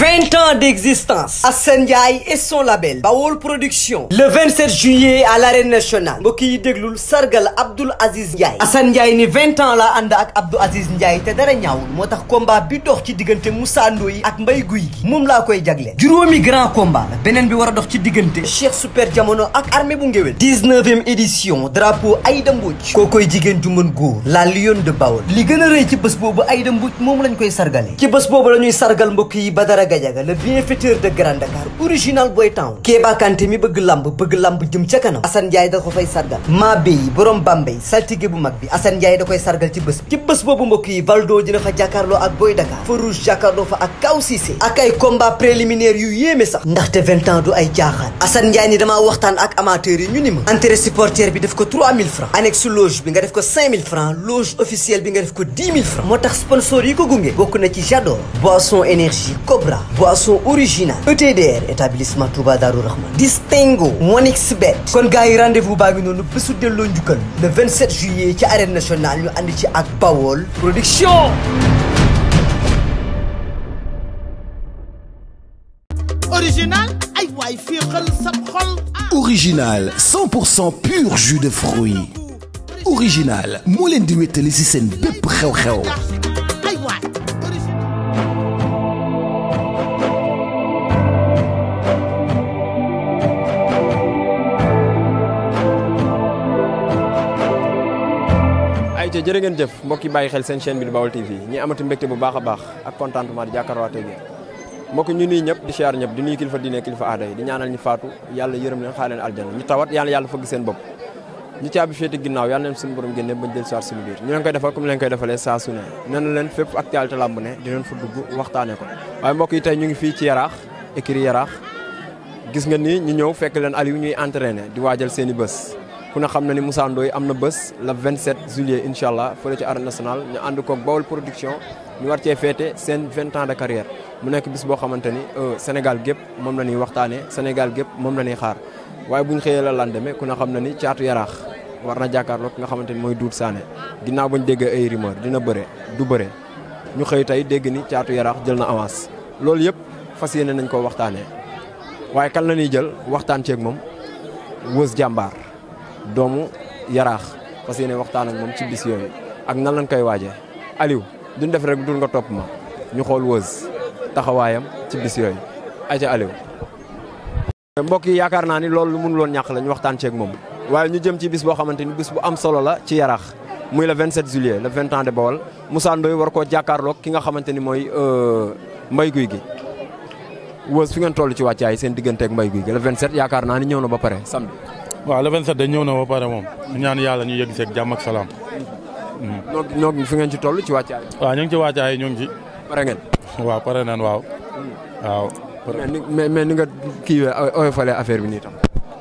20 ans d'existence Assane Ndiaye et son label Bawol Production le 27 juillet à l'arène nationale mbokk yi déglul sargal Abdoul Aziz Ndiaye Assane Ndiaye ni 20 ans la ànd ak Abdou Aziz Ndiaye te dara ñaawul moo tax combat bi dox ci diggante Moussa Ndoye ak mbay Guy gi moom laa koy jagle juróomi grand combat beneen bi war a dox ci diggante Cheikh Super Jamono ak armée bu ngéwél 19e édition drapeau Aïda Mbodj koo koy jigéen ju mën góor la lionne de Bawol li gën a rëy ci bés boobu Aïda Mbodj moom lañ koy sargale ci bés boobu la ñuy sargal mbokk yi Badara Gadiaga le bienfaiteur de Grand Dakar original boy town Kéba mi bëgg lamb bëgg lamb jëm ca kanam Assane Ndiaye da ko fay sargal maa béy borom Bambey saltige bu mag bi Assane Ndiaye da koy sargal ci bés bi ci bés boobu mbokk yi Valdo dina fa jàkkaarloo ak Boy Dakar Farouche jàkkaarloo fa ak Kaw Cissé ak ay combat préliminaire yu yéeme sax ndaxte ans du ay jaaxaan Assane Ndiaye ni damaa waxtaan ak amateurs yi ñu ni ma entrée supporter bi def ko 3000 francs annexe loge boisson originale ETDR établissement Touba Darou Rahman Distingo Monix Bet kon gars yi rendez-vous baa ngi noonu bésu de njukkal le 27 juillet ci arène nationale ñu ànd ci ak Bawol production original ay waay fii xel ah. pur jus de fruits original moo leen di wéttali si seen bépp xew-xew acca jërë jëf mbokk yi bàyyi xel seen chaîne bi di Baol TV ñi amati mbégte bu baax a baax ak contentement di jàkkaarlooteeg yéen mbokk ñu nuy ñëpp di siyaar ñëpp di nuy kilifa diine kilifa aada di ñaanal ñu faatu yàlla yërëm leen xaar leen aljana ñu tawat yàlla yàlla fëgg seen bopp ñu caabi féete ginnaaw yàlla leen suñu bañ jël soir suñu biir ñu leen koy defal comme leen koy defalee saa su ne nena leen fépp actualité làmb ne dinañ fa dugg waxtaane ko waaye mbokk yi tey ñu ngi fii ci yaraax nga ni ñu ñëw fekk leen Aliou ñuy entraîné di waajal seen i ku ne xam na ni Moussa Ndoye am na bés le 27 juillet incha allah fële ci arène nationale ñu ànd ko Bawol production ñu war cee féete seen 20 ans de carrière mu nekk bis boo xamante ni euh, Sénégal gépp moom na ñuy waxtaanee Sénégal gépp moom la ñuy xaar waaye bu ñu xëyee la lan demee ku ne xam na ni caatu yaraax war na jàkkaarloog nga xamante ni mooy saane Sané ginnaaw bañ déggee ay rumeur dina bëre du bëre ñu xëy tey dégg ni caatu yaraax jël na avance loolu yëpp fas yéene nañ koo waxtaanee waaye kan la ñuy jël waxtaan ceeg moom wës jàmbaar. doomu yaraax parce que yéen waxtaan ak moom ci bis yooyu ak nan lañ koy waajee Aliou duñ def rek dun nga topp ma ñu xool Weuz taxawaayam ci bis yooyu aca Aliou mbokk yi yaakaar naa ni loolu lu mënuloon ñàkk la ñu waxtaan ceeg moom waaye ñu jëm ci bis boo xamante ni bis bu am solo la ci yaraax muy le 27 juillet le 20 ans de Bawol Moussa Ndoye war koo jàkkaarloog ki nga xamante ni mooy euh, mbay guy gi Weuz toll ci wàccaay seen digganteeg mbay guy gi le 27 yaakaar naa ni ñëw na ba pare samedi waaw le 27 dañ ñëw na ba pare moom ñaan yàlla ñu yëg seeg jàmm ak salaam. ñoo ngi fi ngeen ci toll ci wàccaay. waaw ñu ngi ci wàccaay ñu ngi ci. pare ngeen. waaw pare waaw. Hmm. waaw. mais mais ni nga kii oyofalee affaire bi nii tam.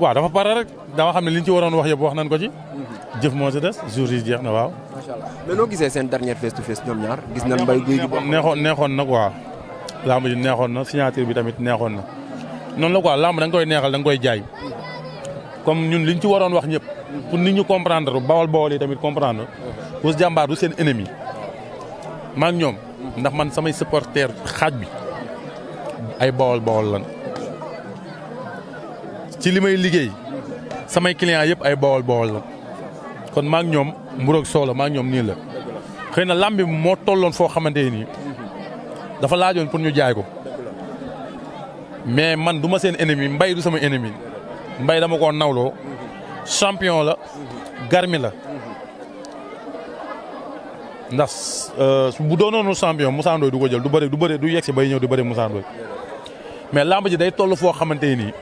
waaw dafa pare rek dama xam ne liñ ci waroon wax yëpp wax nañ ko ci. Hmm. jëf moo si des jours yi jeex na waaw. macha noo gisee seen dernière face to face ñoom ñaar gis nañ mbay neexoon neexoon na ko lamb ji neexoon na signature bi tamit neexoon na noonu la ko lamb da koy neexal da nga koy jaay. comme ñun li liñ ci waroon wax ñëpp pour nit ñu comprendre bawal bawal yi tamit comprendre Ouz Jàmbaar du seen ennemi maa ngi ñoom ndax man samay supporter xaaj bi ay bawal bawal lan ci li may liggéey samay client yëpp ay bawal bawal lan kon maa ñoom mburoog soola maa ñoom nii la xëy na làmb moo tolloon foo xamante nii dafa laajoon pour ñu jaay ko mais man du ma seen ennemi mbay du sama ennemi mbay dama ko nawloo champion la garmi la ndax euh, bu doonoonu champion Moussa Ndoye du ko jël du bëri du bëri du yegsi bay ñëw du bëri Moussa Ndoye mais làmb ji day toll foo xamante nii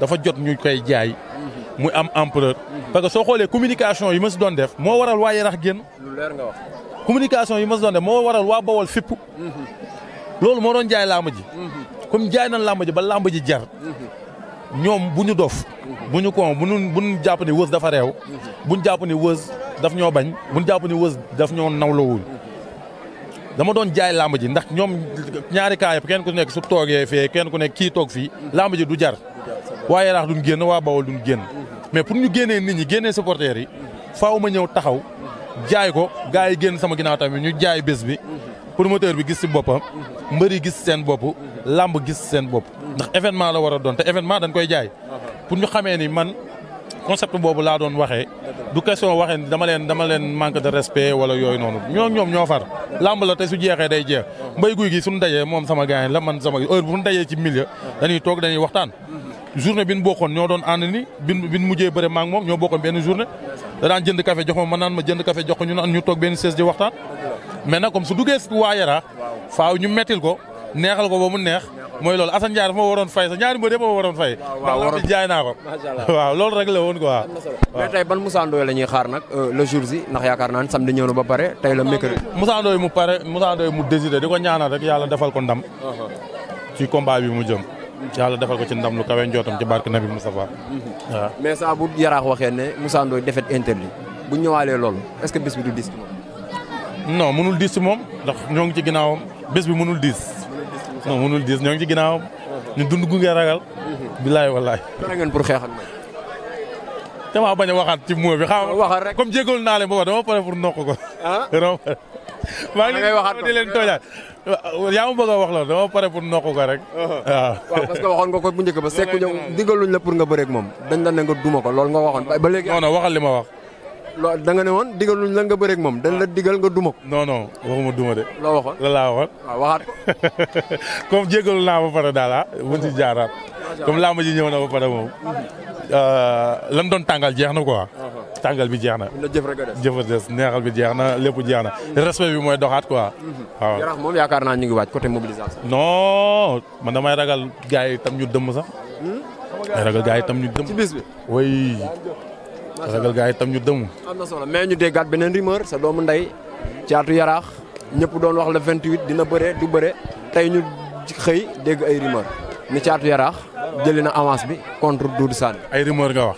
dafa jot ñu koy jaay muy am empereur parce que soo xoolee communication yi ma si doon def moo waral waa Yarax génn lu leer nga wax communication yi ma si doon def moo waral waa Bawol fipp mhm. loolu moo doon jaay làmb ji mhm. comme jaay na làmb ji ba làmb ji jar mhm. ñoom bu ñu dof bu ñu ko bu ñu bu ñu jàpp ne wës dafa réew bu ñu jàpp ni wës daf ñoo bañ bu ñu jàpp ne wës daf ñoo nawlowul dama doon jaay làmb ji ndax ñoom ñaari kaay yëpp kenn ku nekk su toogee fee kenn ku nekk kii toog fii làmb ji du jar waa Yaraax duñ génn waa Bawol duñ génn mais pour ñu génnee nit ñi génnee supporters yi faaw ma ñëw taxaw jaay ko gars yi génn sama ginnaaw tamit ñu jaay bés bi promoteur bi gis si boppam mbër yi gis seen bopp làmb gis seen bopp ndax événement la war a doon te événement dañ koy jaay. pour ñu xamee ni man concept boobu laa doon waxee. du question waxee ni dama leen dama leen manque de respect wala yooyu noonu ñoo ñoom ñoo far. làmb la te su jeexee day jeex. mbay guy gi suñu dajee moom sama gars la man sama heure bu ñu dajee ci milieu. dañuy toog dañuy waxtaan. journée bi ñu bokkoon ñoo doon ànd ni bi ñu bi ñu mujjee bëre maa ngi moom ñoo bokkoon benn journée. da daan jënd café jox ma ma naan ma jënd café jox ko ñu naan ñu toog benn chaise di waxtaan. mais nag comme su duggee waa Yaraax. faaw ñu mettil ko neexal ko ba mu neex mooy loolu Assane Ndiaye dafa ma waroon fay sa ñaari mbër yëpp ma waroon fay. waaw waaw jaay naa loolu rek la woon quoi. am na solo mais tey ban Moussa Ndoye la ñuy xaar nag euh, le jour ji ndax yaakaar naa ne samedi ñëw na ba pare tey la mercredi. Moussa Ndoye mu pare Moussa Ndoye di ko ñaanal rek yàlla defal ko ndam. Uh-huh. ci combat bi mu jëm. yàlla defal ko ci ndam lu kawe njootam ci barke Nabi Moustapha. Mm-hmm. waaw mais saa bu yaraax waxee ne Moussa Ndoye defet interdit bu ñëwaalee loolu est-ce que bis bi du diis ci moom. non mënul ngi ci ginnaawam bés bi mënul diis non mënul diis ñoo ngi ci ginnaawam. ñu dund gunge ragal. bilaay walaay. dara ngeen pour xeex ak man. damaa bañ a waxaat ci mot bi. xam waxal rek comme jégalu naa leen booba dama pare pour nokk ko. ah maa ngi leen di leen tooñaat yaa ma bëgg a wax loolu dama pare pour nokk ko rek. Ah. waaw parce que waxoon nga ko bu njëkk ba sekk ñëw digaluñ la pour nga bëreeg moom dañ la ne nga duma ko loolu nga waxoon ba léegi. non non li ma wax. loo da nga ne woon digaluñ la nga bëreeg moom dañ la ah. digal nga duma ko. non non waxuma duma de. loo waxoon la laa waxoon. waaw ah, waxaat ko. comme jégalu naa ba pare daal ah. buñ si jaaraat. comme làmb ji ñëw na ba pare moom. Euh, lan doon tàngal jeex na quoi. Ah, tàngal bi jeex na. jëf rek a des jëf a des neexal bi jeex na lépp jeex na mm-hmm. respect bi mooy doxaat quoi. Mm-hmm. waaw yaraax moom yaakaar naa ñu ngi waaj côté mobilisation. non man damay ragal gars yi tam ñu dëmm sax. Hmm? damay ragal gars yi tam ñu dëmm. ci bis bi oui. ragal gaa yi tam ñu dëmm. am mais ñu déggaat beneen rumeur sa doomu ndey caatu yaraax ñëpp doon wax le 28 dina bëre du bëre tey ñu xëy dégg ay rumeur ni caatu yaraax jëli na avance bi contre Doudou Sane. ay rumeur nga wax.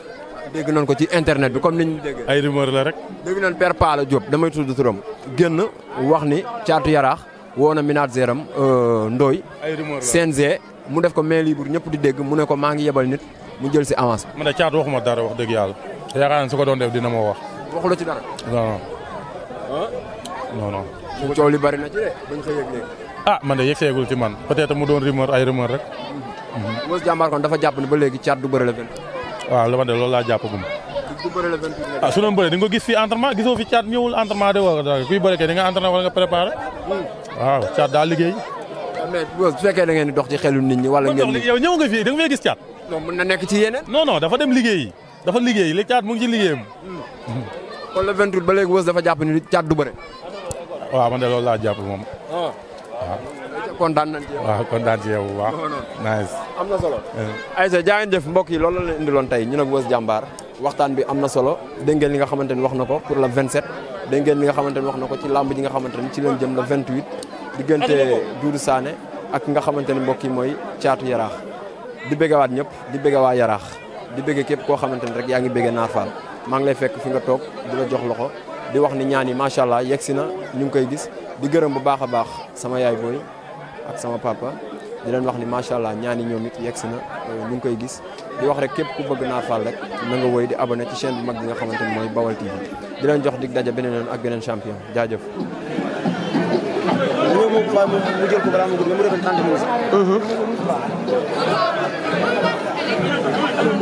dégg nañ ko ci internet bi comme ni ñu dégg. ay rumeur la rek. dégg nañ Père Pala Diop damay tudd turam génn wax ni caatu yaraax woo na manager am euh, Ndoye. ay rumeur la CNG mu def ko main libre ñëpp di dégg mu ne ko maa ngi yebal nit mu jël si avance bi. man de caatu waxuma dara wax dëgg yàlla. yaakaar naa su ko doon def dina ma wax. waxu la ci dara. non non. non non. coow li bari na ci de bañ ko yëg léegi. ah man de yëg seegul ci man peut-être mu doon rumeur ay rumeur rek. Mm-hmm. Weuz Diambar jàpp ne ba léegi caat du bëre la vingt. waaw li ma de laa jàppagum. du bëre la vingt ah su doon bëre di ko gis fii entraînement gisoo fi caat ñëwul entraînement de wala dara kuy bëre kay di nga entraîné wala nga préparé. Mm. waaw caat daa liggéey. Ah, mais bu fekkee da ngeen dox ci xelu nit ñi wala ngeen. yow ñëw nga fii da nga gis caat. non mën na nekk ci yeneen. non non dafa dem liggéeyi. dafa liggéey li caat mu ngi ci liggéeyam. kon le 28 ba léegi wës dafa jàpp ni caat du bëre. waaw man de loolu laa jàpp moom. Ah. waaw. kontaan nañ ci yow. waaw kontaan ci yow am na solo. Eh. Aïssa jaa ngeen jëf mbokk yi loolu la indiloon tey ñu nag wës jàmbaar waxtaan bi am na solo dégg ngeen li nga xamante ni wax na ko pour le 27 dégg ngeen li nga xamante ni wax na ko ci làmb ji nga xamante ni ci leen jëm le 28 diggante Doudou saane ak nga xamante ni mbokk yi mooy caatu yaraax di bëggawaat ñëpp di bëggawaa yaraax di bëggee képp koo xamante ne rek yaa ngi bëggee Naar Fall maa ngi lay fekk fi nga toog di la jox loxo di wax ni ñaan yi macha allah yegg si na ñu ngi koy gis di gërëm bu baax a baax sama yaay booy ak sama papa di leen wax ni macha allah ñaan yi yegg si na euh, ñu ngi koy gis di wax rek képp ku bëgg Naar rek na nga woy di abonné ci seen bu mag bi nga xamante ne mooy Bawal TV di leen jox di daja beneen yoon ak beneen champion jaajëf.